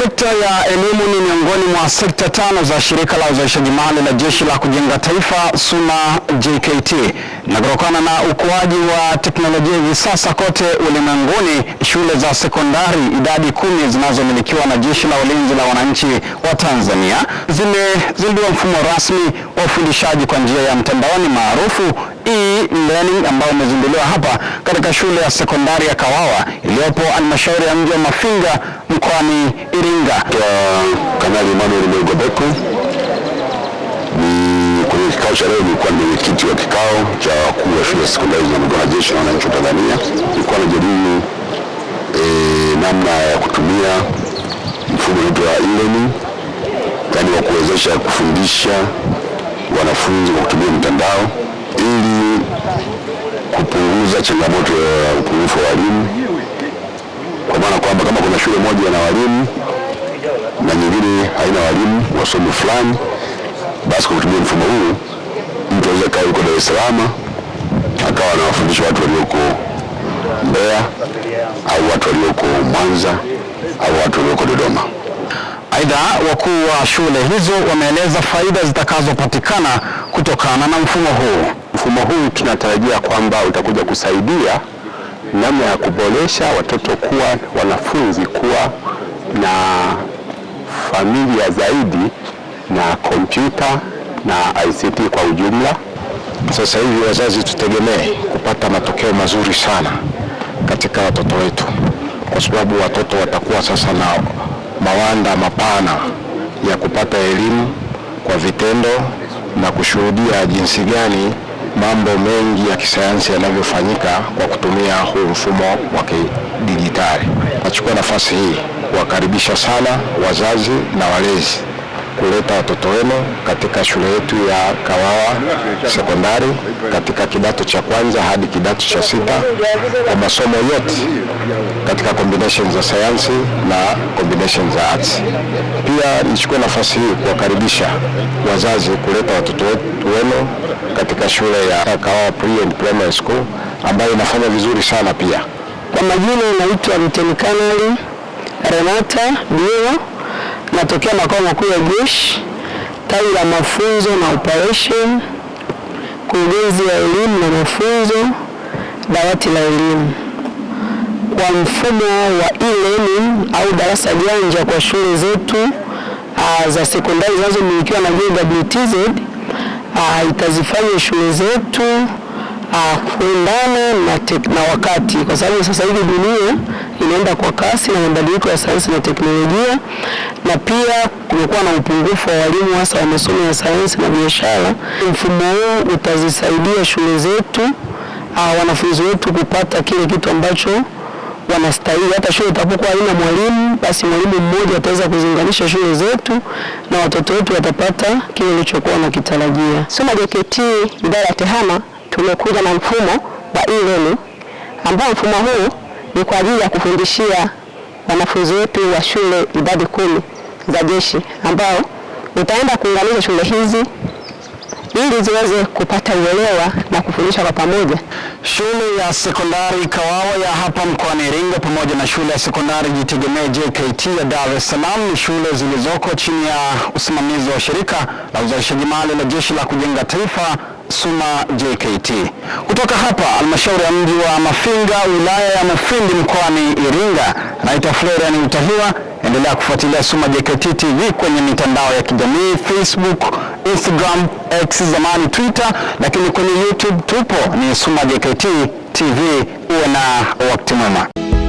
Sekta ya elimu ni miongoni mwa sekta tano za shirika la uzalishaji mali la Jeshi la Kujenga Taifa SUMA JKT, na kutokana na ukuaji wa teknolojia hivi sasa kote ulimwenguni, shule za sekondari idadi kumi zinazomilikiwa na Jeshi la Ulinzi la Wananchi wa Tanzania zimezindua mfumo rasmi wa ufundishaji kwa njia ya mtandaoni maarufu e-learning ambao umezinduliwa hapa katika shule ya sekondari ya Kawawa iliyopo halmashauri ya mji wa Mafinga mkoani Iringa. Kanali Emmanuel Melgobeko ni kwenye kikao cha leo, nilikuwa ni mwenyekiti wa kikao cha wakuu wa shule ya sekondari na jeshi la wananchi wa Tanzania. Nilikuwa najadili e, namna ya kutumia mfumo unaitwa e-learning, yaani wa kuwezesha kufundisha wanafunzi kwa kutumia mtandao ya changamoto ya upungufu wa walimu, kwa maana kwamba kama kuna shule moja ina walimu na nyingine haina walimu wa somo fulani, basi kwa kutumia mfumo huu mtu aweza kaa yuko Dar es Salaam akawa anawafundisha watu walioko Mbeya au watu walioko Mwanza au watu walioko Dodoma. Aidha, wakuu wa shule hizo wameeleza faida zitakazopatikana kutokana na mfumo huu. Mfumo huu tunatarajia kwamba utakuja kusaidia namna ya kuboresha watoto kuwa wanafunzi kuwa na familia zaidi na kompyuta na ICT kwa ujumla. Sasa hivi wazazi, tutegemee kupata matokeo mazuri sana katika watoto wetu, kwa sababu watoto watakuwa sasa na mawanda mapana ya kupata elimu kwa vitendo na kushuhudia jinsi gani mambo mengi ya kisayansi yanavyofanyika kwa kutumia huu mfumo wa kidijitali. Nachukua nafasi hii kuwakaribisha sana wazazi na walezi kuleta watoto wenu katika shule yetu ya Kawawa Sekondari katika kidato cha kwanza hadi kidato cha sita kwa masomo yote katika combination za sayansi na combination za arts. Pia nichukue nafasi hii kuwakaribisha wazazi kuleta watoto wenu katika shule ya Kawawa Pre and Primary School ambayo inafanya vizuri sana pia. Kwa majina inaitwa Mteni Kanali Renata Bio Natokea makao makuu ya jeshi tawi la mafunzo na operation, kurugenzi ya elimu na mafunzo, dawati la elimu. Kwa mfumo wa e-learning au darasa janja kwa shule zetu uh, za sekondari zinazomilikiwa na JWTZ uh, ah, itazifanya shule zetu kuendana na, na wakati, kwa sababu sasa hivi dunia inaenda kwa kasi na mabadiliko ya sayansi na teknolojia, na pia kumekuwa na upungufu wa walimu hasa wa masomo ya sayansi na biashara. Mfumo huu utazisaidia shule zetu, ah, wanafunzi wetu kupata kile kitu ambacho wanastahili. Hata shule itapokuwa haina mwalimu, basi mwalimu mmoja ataweza kuziunganisha shule zetu na watoto wetu watapata kile walichokuwa wanakitarajia. Soma JKT idara ya TEHAMA tumekuja na mfumo wa e-learning ambao mfumo huu ni kwa ajili ya kufundishia wanafunzi wetu wa shule idadi kumi za jeshi ambao utaenda kuunganisha shule hizi ili ziweze kupata uelewa na kufundisha kwa pamoja. Shule ya sekondari Kawawa ya hapa mkoani Iringa pamoja na shule ya sekondari Jitegemee JKT ya Dar es Salaam ni shule zilizoko chini ya usimamizi wa shirika la uzalishaji mali la Jeshi la Kujenga Taifa SUMA JKT. Kutoka hapa halmashauri ya mji wa Mafinga, wilaya ya Mufindi, mkoani Iringa, naitwa Florian Utahiwa. Endelea kufuatilia SUMA JKT TV kwenye mitandao ya kijamii Facebook, Instagram, X zamani Twitter, lakini kwenye YouTube tupo ni SUMA JKT TV. Uwe na wakati mwema.